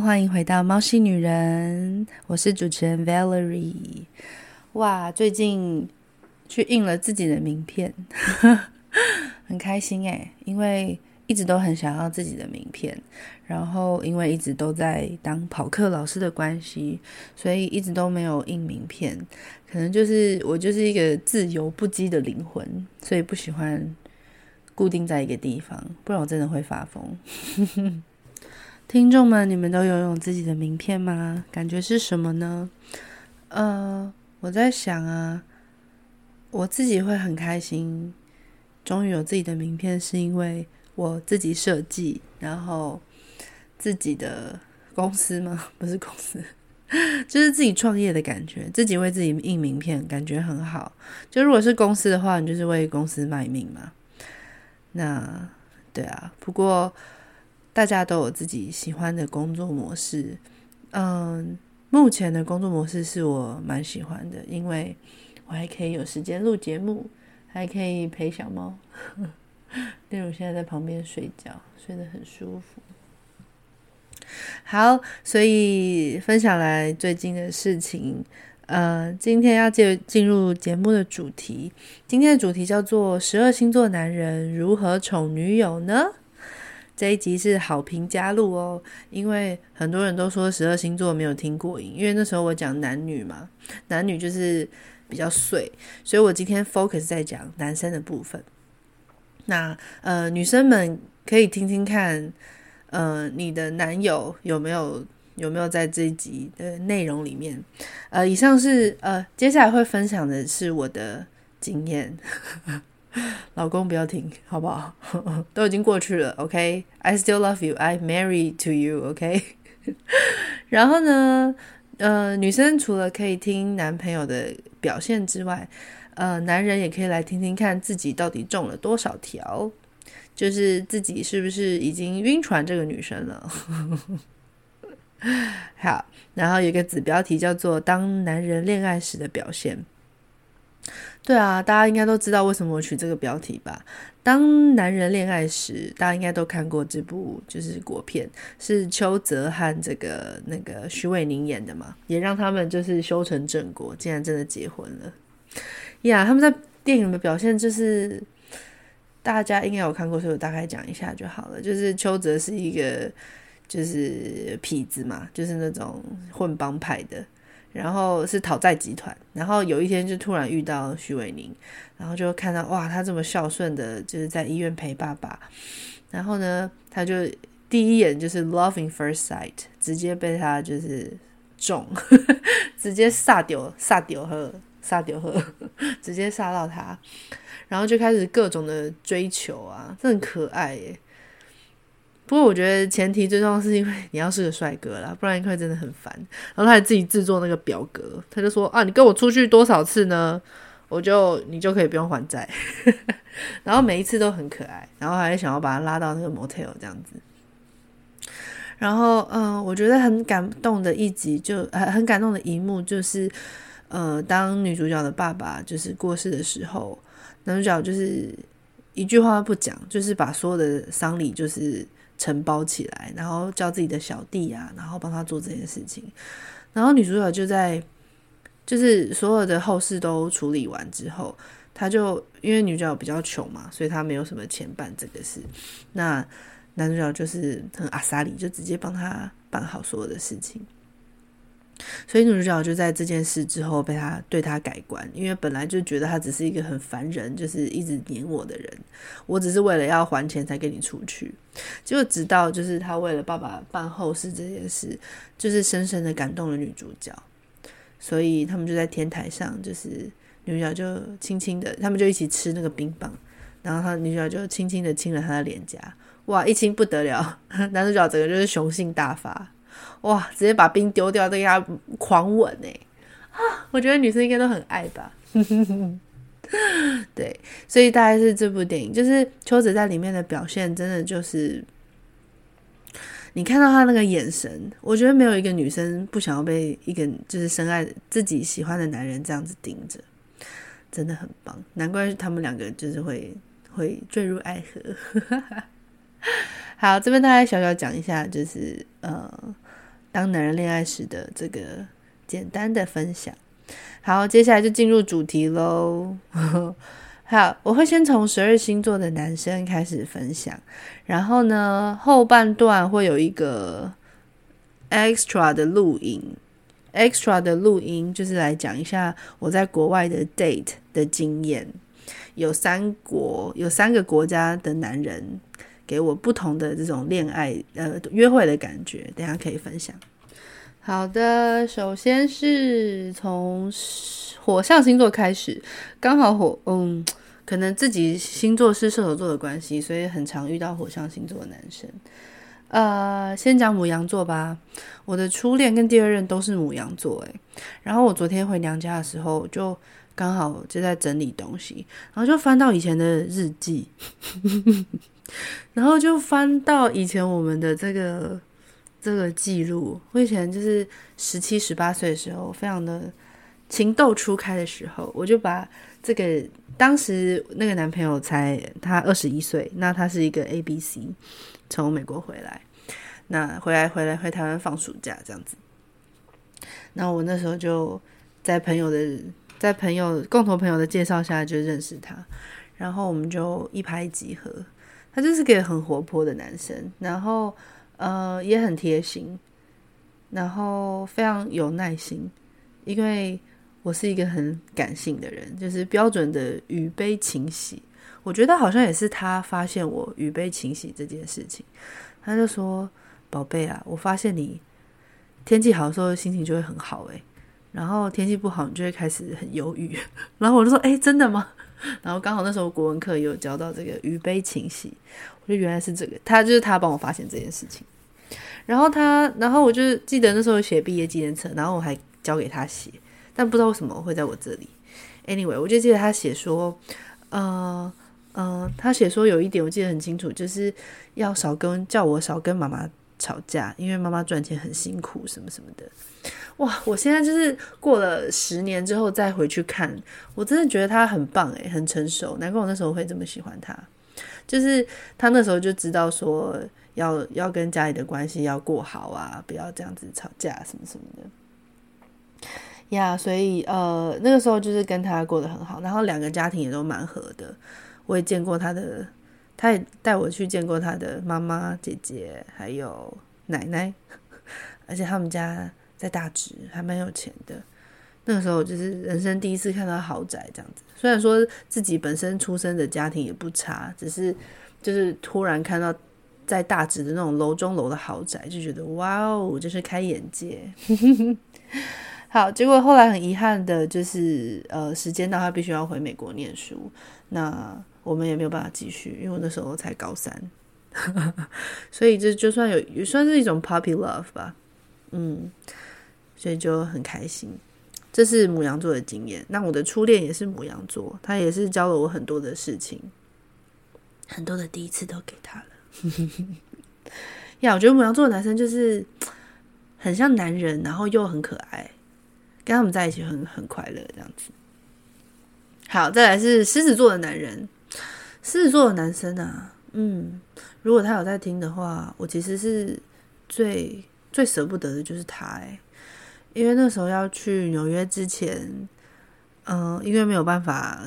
歡迎回到貓系女人，我是主持人 Valerie。哇，最近去印了自己的名片， 很開心誒。因為一直都很想要自己的名片，然後因為一直都在當跑課老師的關係，所以一直都沒有印名片。可能就是我就是一個自由不羈的靈魂，所以不喜歡固定在一個地方，不然我真的會發瘋。 聽眾們，你們都有用自己的名片嗎？感覺是什麼呢？呃，我在想啊，我自己會很開心，終於有自己的名片，是因為我自己設計，然後自己的公司嗎？不是公司，就是自己創業的感覺，自己為自己印名片，感覺很好。就如果是公司的話，你就是為公司賣命嘛。那對啊，不過。大家都有自己喜歡的工作模式，嗯，目前的工作模式是我蠻喜歡的，因為我還可以有時間錄節目，還可以陪小貓。例 如現在在旁邊睡覺，睡得很舒服。好，所以分享來最近的事情，呃、嗯，今天要進進入節目的主題，今天的主題叫做十二星座男人如何寵女友呢？這一集是好評加錄哦，因為很多人都說十二星座沒有聽過癮，因為那時候我講男女嘛，男女就是比較碎，所以我今天 focus 在講男生的部分。那呃，女生們可以聽聽看，呃，你的男友有沒有有沒有在這一集的內容裡面？呃，以上是呃，接下來會分享的是我的經驗。 老公不要聽，好不好？ 都已經過去了。OK，I still love you，I'm married to you。OK。 然後呢，呃，女生除了可以聽男朋友的表現之外，呃，男人也可以來聽聽看自己到底中了多少條，就是自己是不是已經暈船這個女生了。 好，然後有一個子標題叫做“當男人戀愛時的表現”。對啊，大家應該都知道為什麼我取這個標題吧？當男人戀愛時，大家應該都看過這部就是國片，是邱澤和這個那個許瑋甯演的嘛，也讓他們就是修成正果，竟然真的結婚了呀！Yeah, 他們在電影的表現就是大家應該有看過，所以我大概講一下就好了。就是邱澤是一個就是痞子嘛，就是那種混幫派的。然後是討債集團，然後有一天就突然遇到徐偉寧，然後就看到哇，他這麼孝順的，就是在醫院陪爸爸，然後呢，他就第一眼就是 loving first sight，直接被他就是中，呵呵直接煞到，煞到呵，煞到呵，直接煞到他，然後就開始各種的追求啊，這很可愛耶。不過我覺得前提最重要是因為你要是個帥哥啦，不然一塊真的很煩。然後他還自己製作那個表格，他就說啊，你跟我出去多少次呢？我就你就可以不用還債。 然後每一次都很可愛，然後還想要把他拉到那個 motel 這樣子。然後嗯、呃，我覺得很感動的一集就很、呃、很感動的一幕就是呃，當女主角的爸爸就是過世的時候，男主角就是一句話不講，就是把所有的喪禮就是。承包起來，然後叫自己的小弟啊，然後幫他做這件事情。然後女主角就在，就是所有的後事都處理完之後，她就，因為女主角比較窮嘛，所以她沒有什麼錢辦這個事。那男主角就是很阿薩里，就直接幫他辦好所有的事情。所以女主角就在這件事之後被他對他改觀，因為本來就覺得他只是一個很煩人，就是一直黏我的人。我只是為了要還錢才跟你出去。結果直到就是他為了爸爸辦後事這件事，就是深深的感動了女主角。所以他們就在天台上，就是女主角就輕輕的，他們就一起吃那個冰棒，然後他女主角就輕輕的親了他的臉頰，哇，一親不得了，男主角整個就是雄性大發。哇！直接把冰丟掉，都給他狂吻誒，啊！我覺得女生應該都很愛吧。 對，所以大概是這部電影，就是秋子在裡面的表現，真的就是你看到她那個眼神，我覺得沒有一個女生不想要被一個就是深愛自己喜歡的男人這樣子盯着，真的很棒。難怪他們兩個就是會會墜入愛河。 好，這邊大家小小講一下，就是呃。當男人戀愛時的這個簡單的分享，好，接下來就進入主題嘍。 好，我會先從十二星座的男生開始分享，然後呢，後半段會有一個 extra 的錄音，extra 的錄音就是來講一下我在國外的 date 的經驗，有三國，有三個國家的男人。給我不同的這種戀愛、呃，約會的感覺，等一下可以分享。好的，首先是從火象星座開始，剛好火，嗯，可能自己星座是射手座的關係，所以很常遇到火象星座的男生。呃，先講牡羊座吧，我的初戀跟第二任都是牡羊座，哎，然後我昨天回娘家的時候，就剛好就在整理東西，然後就翻到以前的日記。 然後就翻到以前我們的這個這個記錄，我以前就是十七十八歲的時候，非常的情竇初開的時候，我就把這個當時那個男朋友才他二十一歲，那他是一個 ABC，從美國回來，那回來回來回台灣放暑假這樣子，那我那時候就在朋友的在朋友共同朋友的介紹下就認識他，然後我們就一拍即合。他就是個很活潑的男生，然後呃也很貼心，然後非常有耐心。因為我是一個很感性的人，就是標準的雨悲晴喜。我覺得好像也是他發現我雨悲晴喜這件事情，他就說：“寶貝啊，我發現你天氣好的時候心情就會很好誒、欸，然後天氣不好你就會開始很憂鬱。”然後我就說：“誒、欸，真的嗎？”然後剛好那時候國文課也有教到這個“於悲情戲”，我覺得原來是這個，他就是他幫我發現這件事情。然後他，然後我就記得那時候寫畢業紀念冊，然後我還交給他寫，但不知道為什麼會在我這裡。Anyway，我就記得他寫說，嗯、呃、嗯、呃，他寫說有一點我記得很清楚，就是要少跟叫我少跟媽媽吵架，因為媽媽賺錢很辛苦，什麼什麼的，哇！我現在就是過了十年之後再回去看，我真的覺得他很棒誒、欸，很成熟。難怪我那時候會這麼喜歡他，就是他那時候就知道說要要跟家裡的關係要過好啊，不要這樣子吵架什麼什麼的呀。Yeah, 所以呃，那個時候就是跟他過得很好，然後兩個家庭也都蠻合的。我也見過他的。他也帶我去見過他的媽媽、姐姐，還有奶奶，而且他們家在大直，還蠻有錢的。那個時候就是人生第一次看到豪宅這樣子，雖然說自己本身出生的家庭也不差，只是就是突然看到在大直的那種樓中樓的豪宅，就覺得哇哦，就是開眼界。 好，結果後來很遺憾的，就是呃，時間到，他必須要回美國念書。那我們也沒有辦法繼續，因為我那時候才高三， 所以這就算有也算是一種 puppy love 吧，嗯，所以就很開心。這是牡羊座的經驗。那我的初戀也是牡羊座，他也是教了我很多的事情，很多的第一次都給他了。呀 ，yeah, 我覺得牡羊座的男生就是很像男人，然後又很可愛，跟他們在一起很很快樂這樣子。好，再來是獅子座的男人。獅子座的男生啊，嗯，如果他有在聽的話，我其實是最最捨不得的就是他，欸，因為那時候要去紐約之前，嗯，呃，因為沒有辦法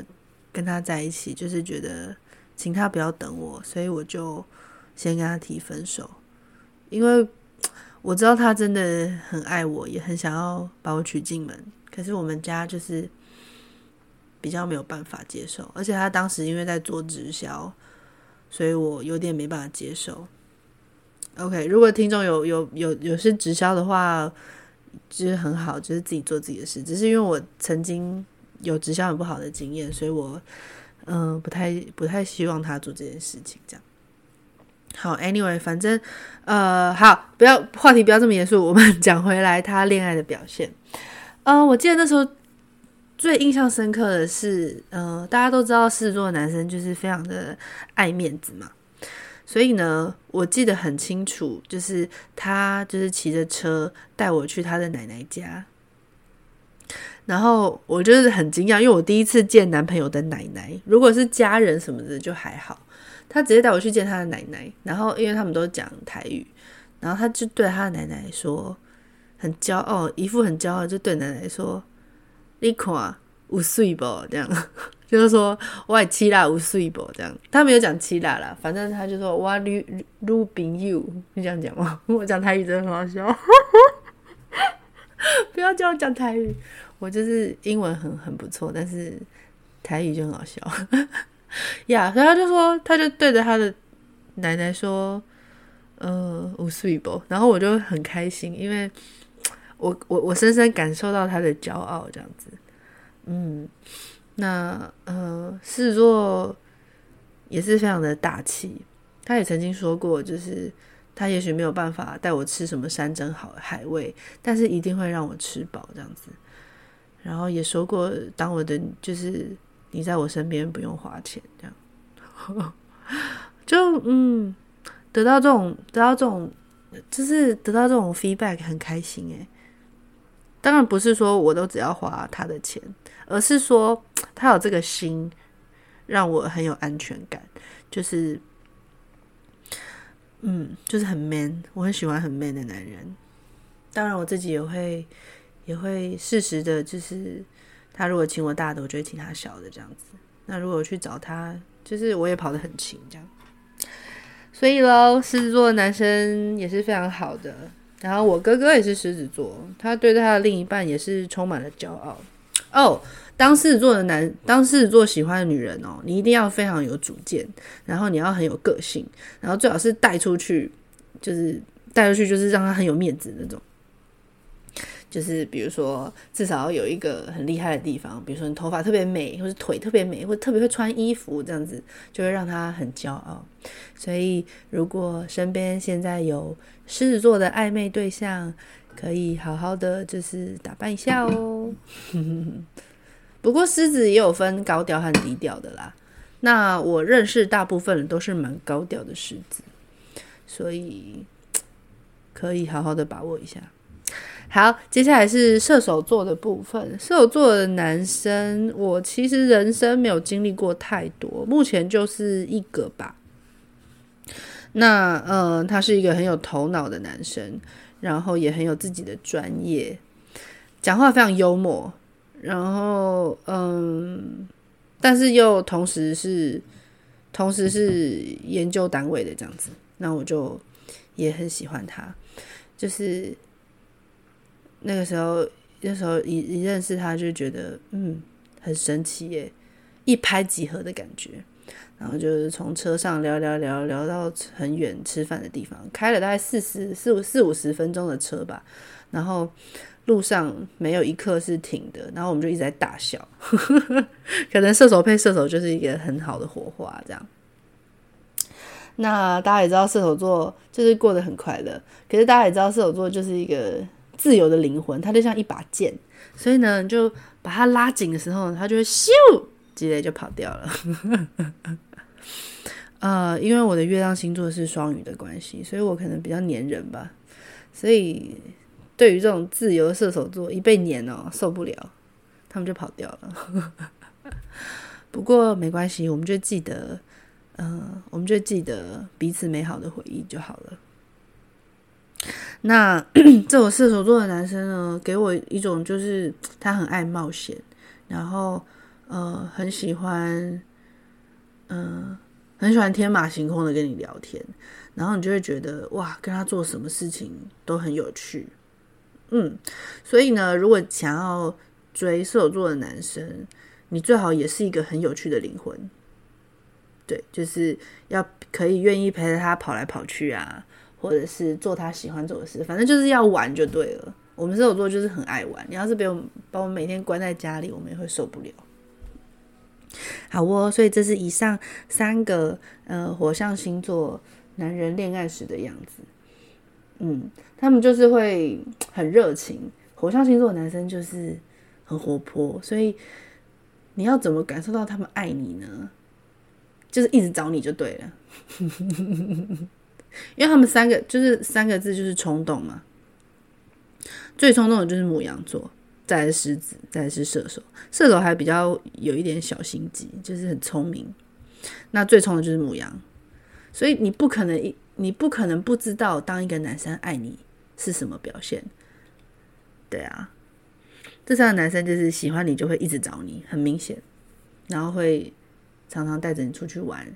跟他在一起，就是覺得請他不要等我，所以我就先跟他提分手，因為我知道他真的很愛我，也很想要把我娶進門，可是我們家就是。比較沒有辦法接受，而且他當時因為在做直銷，所以我有點沒辦法接受。OK，如果聽眾有有有有些直銷的話，其實很好，就是自己做自己的事。只是因為我曾經有直銷很不好的經驗，所以我嗯、呃、不太不太希望他做這件事情。這樣好，Anyway，反正呃好，不要話題不要這麼嚴肅，我們講回來他戀愛的表現。嗯、呃，我記得那時候。最印象深刻的是，呃，大家都知道獅子座的男生就是非常的愛面子嘛，所以呢，我記得很清楚，就是他就是騎着車帶我去他的奶奶家，然後我就是很驚訝，因為我第一次見男朋友的奶奶，如果是家人什麼的就還好，他直接帶我去見他的奶奶，然後因為他們都講台語，然後他就對他的奶奶說，很驕傲，一副很驕傲，就對奶奶說。你看，五歲不這樣，就是說，我七啦五歲不這樣，他沒有講七啦了，反正他就說，我女女朋友，you 就這樣講嘛。我講台語真的很好笑， 不要叫我講台語，我就是英文很很不錯，但是台語就很好笑。呀、 yeah，所以他就說，他就對着他的奶奶說，嗯、呃，五歲不，然後我就很開心，因為。我我我深深感受到他的驕傲，這樣子，嗯，那呃，獅座也是非常的大氣。他也曾經說過，就是他也許沒有辦法帶我吃什麼山珍海海味，但是一定會讓我吃飽這樣子。然後也說過，當我的就是你在我身邊，不用花錢這樣， 就嗯，得到這種得到這種就是得到這種 feedback 很開心誒、欸當然不是說我都只要花他的錢，而是說他有這個心，讓我很有安全感。就是，嗯，就是很 man，我很喜歡很 man 的男人。當然我自己也會也會適時的，就是他如果請我大的，我就會請他小的這樣子。那如果去找他，就是我也跑得很勤這樣。所以咯，獅子座的男生也是非常好的。然後我哥哥也是獅子座，他對他的另一半也是充滿了驕傲。哦，當獅子座的男，當獅子座喜歡的女人哦，你一定要非常有主見，然後你要很有個性，然後最好是帶出去，就是帶出去就是讓他很有面子那種。就是比如說，至少有一個很厲害的地方，比如說你頭髮特別美，或是腿特別美，或特別會穿衣服，這樣子就會讓他很驕傲。所以，如果身邊現在有獅子座的曖昧對象，可以好好的就是打扮一下哦、喔。 不過，獅子也有分高調和低調的啦。那我認識大部分人都是蠻高調的獅子，所以可以好好的把握一下。好，接下來是射手座的部分。射手座的男生，我其實人生沒有經歷過太多，目前就是一個吧。那，嗯，他是一個很有頭腦的男生，然後也很有自己的專業，講話非常幽默，然後，嗯，但是又同時是，同時是研究單位的這樣子，那我就也很喜歡他，就是。那個時候，那時候一一認識他，就覺得嗯，很神奇耶，一拍即合的感覺。然後就是從車上聊聊聊聊到很遠吃飯的地方，開了大概四十四四五十分鐘的車吧。然後路上沒有一刻是停的，然後我們就一直在大笑。 可能射手配射手就是一個很好的火花，這樣。那大家也知道射手座就是過得很快樂，可是大家也知道射手座就是一個。自由的靈魂，它就像一把劍，所以呢，就把它拉緊的時候，它就會咻，直接就跑掉了。 呃，因為我的月亮星座是雙魚的關係，所以我可能比較黏人吧。所以對於這種自由的射手座，一被黏哦受不了，他們就跑掉了。 不過沒關係，我們就記得，嗯、呃，我們就記得彼此美好的回憶就好了。那 這種射手座的男生呢，給我一種就是他很愛冒險，然後呃很喜歡，嗯、呃、很喜歡天馬行空的跟你聊天，然後你就會覺得哇，跟他做什麼事情都很有趣，嗯，所以呢，如果想要追射手座的男生，你最好也是一個很有趣的靈魂，對，就是要可以願意陪着他跑來跑去啊。或者是做他喜歡做的事，反正就是要玩就對了。我們射手座就是很愛玩，你要是被我把我每天關在家裡，我們也會受不了。好喔、哦，所以這是以上三個呃火象星座男人戀愛時的樣子。嗯，他們就是會很熱情，火象星座男生就是很活潑，所以你要怎麼感受到他們愛你呢？就是一直找你就對了。 因為他們三個就是三個字，就是衝動嘛。最衝動的就是牡羊座，再來是獅子，再來是射手。射手還比較有一點小心機，就是很聰明。那最衝的就是牡羊，所以你不可能一你不可能不知道，當一個男生愛你是什麼表現。對啊，這三個男生就是喜歡你就會一直找你，很明顯。然後會常常帶着你出去玩，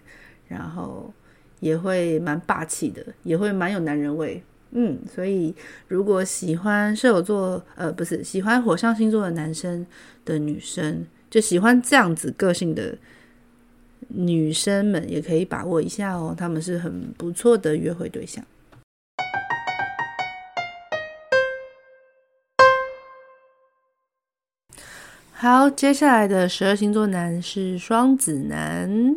然後。也會蠻霸氣的，也會蠻有男人味，嗯，所以如果喜歡射手座，呃，不是喜歡火象星座的男生的女生，就喜歡這樣子個性的女生們，也可以把握一下哦，他們是很不錯的約會對象。好，接下來的十二星座男是雙子男。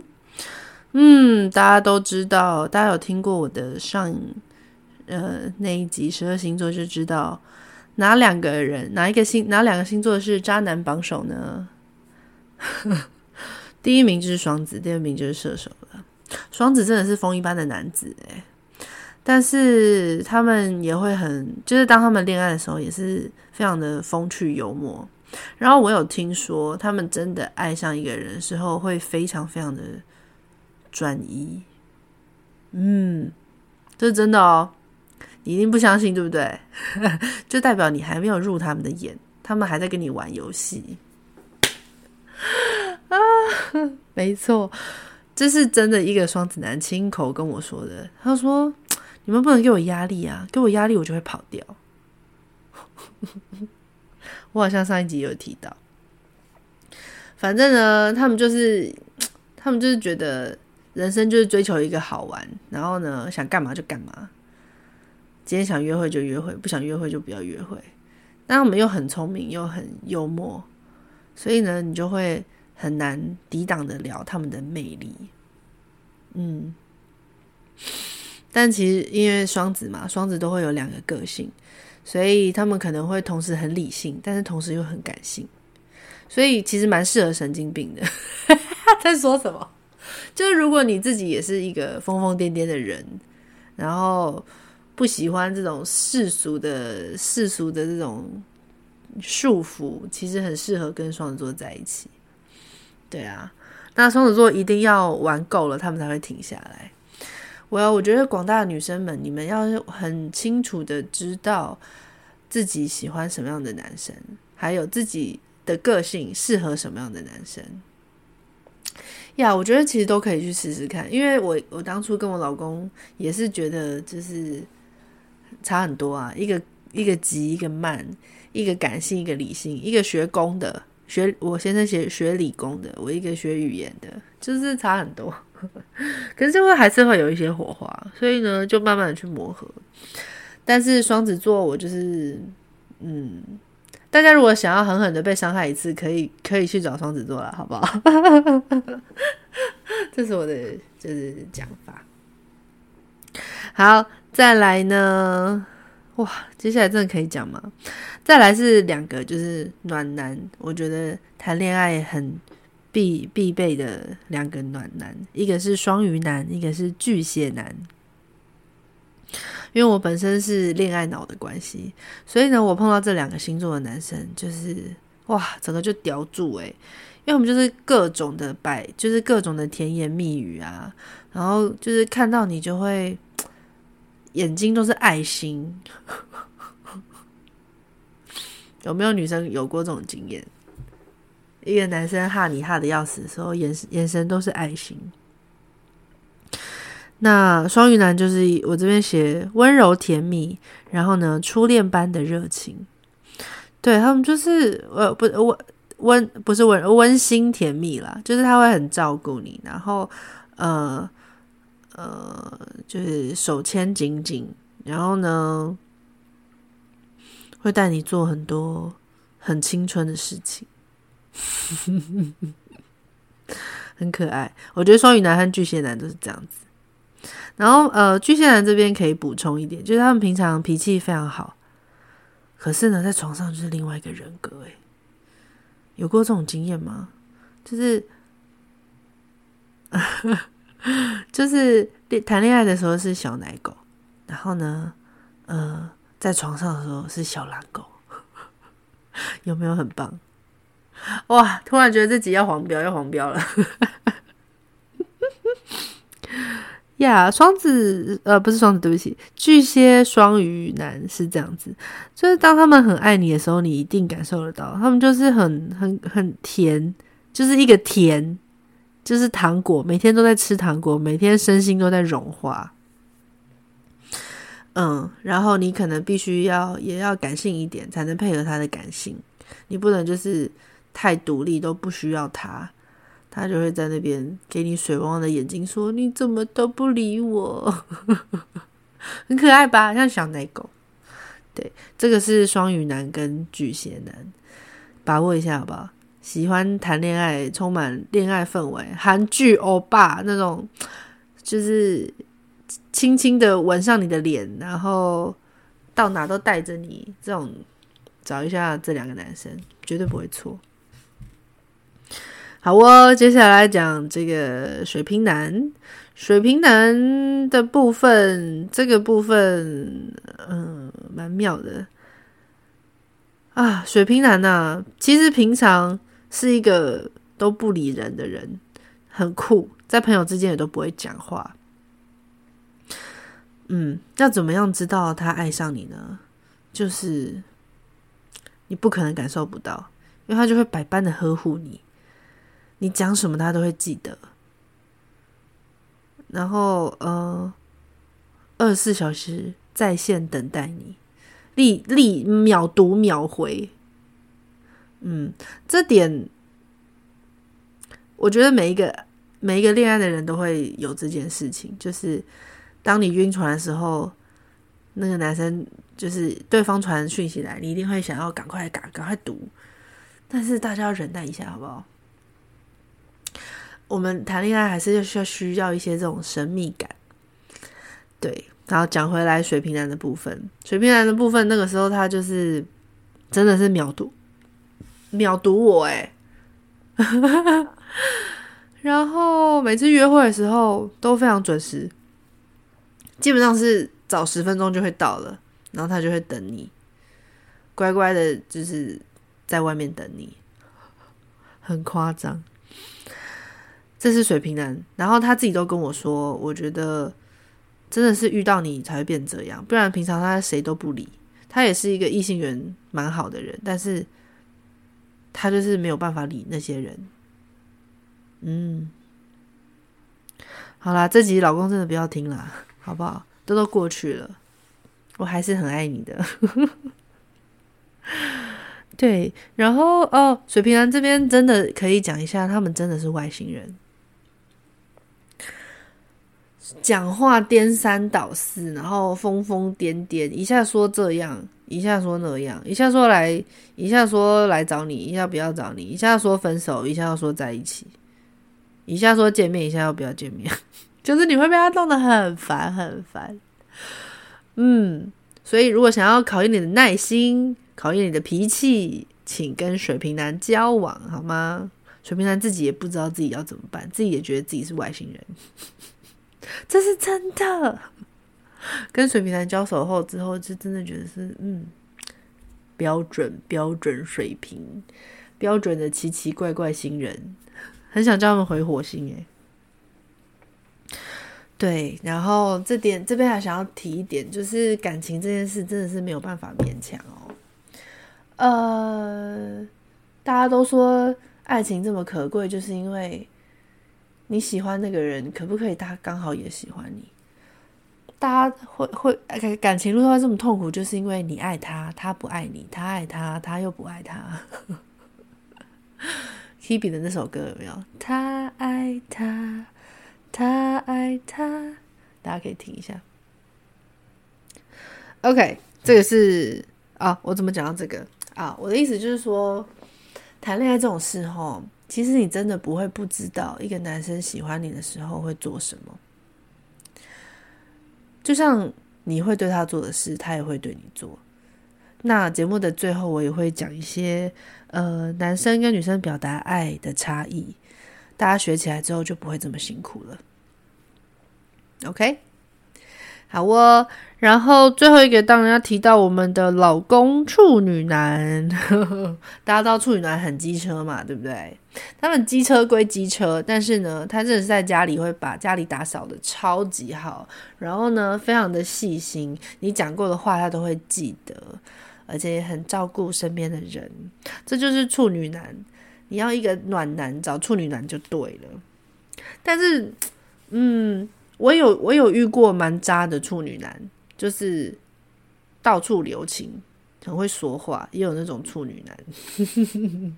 嗯，大家都知道，大家有聽過我的上呃那一集《十二星座》就知道哪兩個人哪一個星哪兩個星座是渣男榜首呢？ 第一名就是雙子，第二名就是射手了。雙子真的是風一般的男子誒，但是他們也會很，就是當他們戀愛的時候，也是非常的風趣幽默。然後我有聽說，他們真的愛上一個人的時候，會非常非常的。專一，嗯，這是真的哦，你一定不相信，對不對？ 就代表你還沒有入他們的眼，他們還在跟你玩遊戲啊。沒錯，這是真的，一個雙子男親口跟我說的。他說：“你們不能給我壓力啊，給我壓力我就會跑掉。 ”我好像上一集有提到，反正呢，他們就是，他們就是覺得。人生就是追求一個好玩，然後呢，想幹嘛就幹嘛。今天想約會就約會，不想約會就不要約會。但他們又很聰明，又很幽默，所以呢，你就會很難抵擋得了他們的魅力。嗯，但其實因為雙子嘛，雙子都會有兩個個性，所以他們可能會同時很理性，但是同時又很感性，所以其實蠻適合神經病的。 在說什麼？就是如果你自己也是一個瘋瘋癲癲的人，然後不喜歡這種世俗的世俗的這種束縛，其實很適合跟雙子座在一起。對啊，那雙子座一定要玩夠了，他們才會停下來。我要，我覺得廣大的女生們，你們要很清楚的知道自己喜歡什麼樣的男生，還有自己的個性適合什麼樣的男生。呀，yeah, 我覺得其實都可以去試試看，因為我我當初跟我老公也是覺得就是差很多啊，一個一個急，一個慢，一個感性，一個理性，一個學工的，學我先生學學理工的，我一個學語言的，就是差很多， 可是會還是會有一些火花，所以呢，就慢慢的去磨合。但是雙子座，我就是嗯。大家如果想要狠狠的被傷害一次，可以可以去找雙子座了，好不好？ 這是我的就是講法。好，再來呢？哇，接下來真的可以講嗎？再來是兩個，就是暖男，我覺得談戀愛很必必備的兩個暖男，一個是雙魚男，一個是巨蟹男。因為我本身是戀愛腦的關係，所以呢，我碰到這兩個星座的男生，就是哇，整個就叼住誒。因為我們就是各種的擺，就是各種的甜言蜜語啊，然後就是看到你就會眼睛都是愛心， 有沒有女生有過這種經驗？一個男生哈你哈得要死的時候，眼眼神都是愛心。那雙魚男就是我這邊寫溫柔甜蜜，然後呢，初戀般的熱情。對，他們就是呃不溫溫、呃、不是溫溫馨甜蜜啦，就是他會很照顧你，然後呃呃就是手牽緊緊，然後呢會帶你做很多很青春的事情， 很可愛。我覺得雙魚男和巨蟹男都是這樣子。然後呃，巨蟹男這邊可以補充一點，就是他們平常脾氣非常好，可是呢，在床上就是另外一個人格。哎，有過這種經驗嗎？就是， 就是談戀愛的時候是小奶狗，然後呢，呃，在床上的時候是小狼狗， 有沒有很棒？哇，突然覺得自己要黃標，要黃標了。 呀，yeah, 雙子呃，不是雙子，對不起，巨蟹、雙魚男是這樣子，就是當他們很愛你的時候，你一定感受得到，他們就是很很很甜，就是一個甜，就是糖果，每天都在吃糖果，每天身心都在融化。嗯，然後你可能必須要也要感性一點，才能配合他的感性，你不能就是太獨立，都不需要他。他就會在那邊給你水汪汪的眼睛說，說你怎麼都不理我， 很可愛吧？像小奶狗。對，這個是雙魚男跟巨蟹男，把握一下好不好？喜歡談戀愛，充滿戀愛氛圍，韓劇歐巴那種，就是輕輕的吻上你的臉，然後到哪都帶着你，這種找一下這兩個男生，絕對不會錯。好哦，接下來講這個水瓶男，水瓶男的部分，這個部分，嗯，蠻妙的啊。水瓶男吶、啊，其實平常是一個都不理人的人，很酷，在朋友之間也都不會講話。嗯，要怎麼樣知道他愛上你呢？就是你不可能感受不到，因為他就會百般的呵護你。你講什麼，他都會記得。然後，呃，二十四小時在線等待你，立立秒讀秒回。嗯，這點我覺得每一個每一個戀愛的人都會有這件事情，就是當你暈船的時候，那個男生就是對方傳訊息來，你一定會想要趕快趕趕快讀，但是大家要忍耐一下，好不好？我們談戀愛還是就需要需要一些這種神秘感，對。然後講回來，水瓶男的部分，水瓶男的部分，那個時候他就是真的是秒讀，秒讀我誒、欸。然後每次約會的時候都非常準時，基本上是早十分鐘就會到了，然後他就會等你，乖乖的就是在外面等你，很誇張。這是水瓶男，然後他自己都跟我說，我覺得真的是遇到你才會變這樣，不然平常他誰都不理。他也是一個異性緣蠻好的人，但是他就是沒有辦法理那些人。嗯，好啦，這集老公真的不要聽啦，好不好？都都過去了，我還是很愛你的。 對，然後哦，水瓶男這邊真的可以講一下，他們真的是外星人。講話顛三倒四，然後瘋瘋癲癲，一下說這樣，一下說那樣，一下說來，一下說來找你，一下不要找你，一下說分手，一下要說在一起，一下說見面，一下要不要見面， 就是你會被他弄得很煩很煩。嗯，所以如果想要考驗你的耐心，考驗你的脾氣，請跟水瓶男交往好嗎？水瓶男自己也不知道自己要怎麼辦，自己也覺得自己是外星人。這是真的，跟水瓶男交手後之後，就真的覺得是嗯，標準標準水瓶，標準的奇奇怪怪新人，很想叫他們回火星誒、欸，對，然後這點這邊還想要提一點，就是感情這件事真的是沒有辦法勉強哦。呃，大家都說愛情這麼可貴，就是因為。你喜歡那個人，可不可以他剛好也喜歡你？大家會會感情路上這麼痛苦，就是因為你愛他，他不愛你；他愛他，他又不愛他。Kimi 的那首歌有沒有？他愛他，他愛他，大家可以聽一下。OK，這個是啊，我怎麼講到這個啊？我的意思就是說，談戀愛這種事哈、哦。其實你真的不會不知道，一個男生喜歡你的時候會做什麼。就像你會對他做的事，他也會對你做。那節目的最後，我也會講一些，呃，男生跟女生表達愛的差異。大家學起來之後就不會這麼辛苦了。OK。好喔、哦，然後最後一個當然要提到我們的老公處女男呵呵，大家知道處女男很機車嘛，對不對？他們機車歸機車，但是呢，他真的是在家裡會把家裡打掃得超級好，然後呢，非常的細心，你講過的話他都會記得，而且也很照顧身邊的人，這就是處女男。你要一個暖男找處女男就對了，但是，嗯。我有我有遇過蠻渣的處女男，就是到處留情，很會說話，也有那種處女男。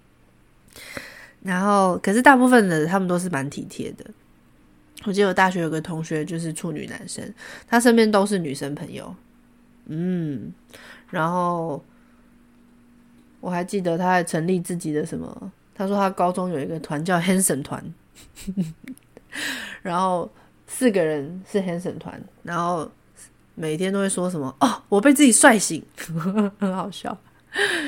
然後，可是大部分的他們都是蠻體貼的。我記得我大學有個同學就是處女男生，他身邊都是女生朋友。嗯，然後我還記得他還成立自己的什麼？他說他高中有一個團叫 Hanson 團。 然後四個人是 handsome 團，然後每天都會說什麼哦，我被自己帥醒， 很好笑，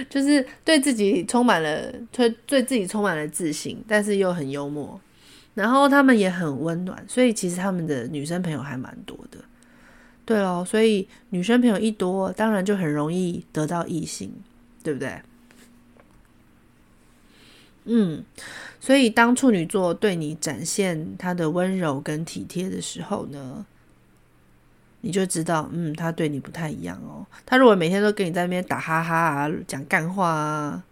就是對自己充滿了對對自己充滿了自信，但是又很幽默，然後他們也很溫暖，所以其實他們的女生朋友還蠻多的，對哦，所以女生朋友一多，當然就很容易得到異性，對不對？嗯，所以當處女座對你展現他的溫柔跟體貼的時候呢，你就知道，嗯，他對你不太一樣哦。他如果每天都跟你在那邊打哈哈啊，講幹話啊，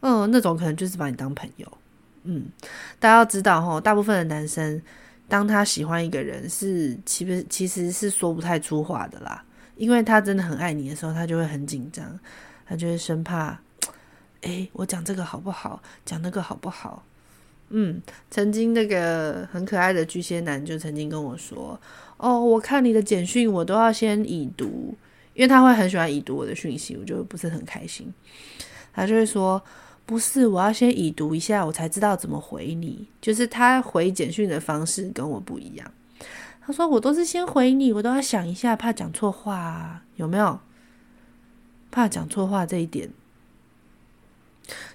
嗯，那種可能就是把你當朋友。嗯，大家要知道哦，大部分的男生當他喜歡一個人是，是其不其實是說不太出話的啦，因為他真的很愛你的時候，他就會很緊張，他就會生怕。誒，我講這個好不好？講那個好不好？嗯，曾經那個很可愛的巨蟹男就曾經跟我說：“哦，我看你的簡訊，我都要先已讀，因為他會很喜歡已讀我的訊息，我就不是很開心。”他就會說：“不是，我要先已讀一下，我才知道怎麼回你。”就是他回簡訊的方式跟我不一樣。他說：“我都是先回你，我都要想一下，怕講錯話，啊，有沒有？怕講錯話這一點。”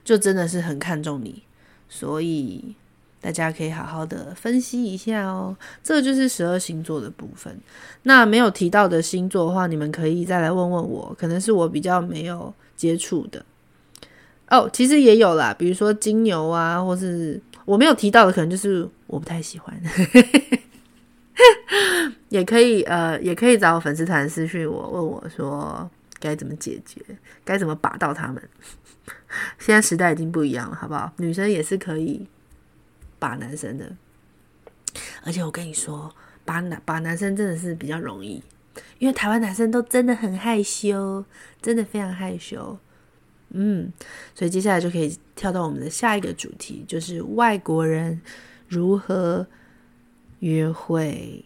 就真的是很看重你，所以大家可以好好的分析一下哦。這就是十二星座的部分。那沒有提到的星座的話，你們可以再來問問我，可能是我比較沒有接觸的哦。其實也有啦，比如說金牛啊，或是我沒有提到的，可能就是我不太喜歡。 也可以呃，也可以找我粉絲團私訊我，問我說。該怎麼解決？該怎麼把到他們？現在時代已經不一樣了，好不好？女生也是可以把男生的，而且我跟你說，把男把男生真的是比較容易，因為台灣男生都真的很害羞，真的非常害羞。嗯，所以接下來就可以跳到我們的下一個主題，就是外國人如何約會。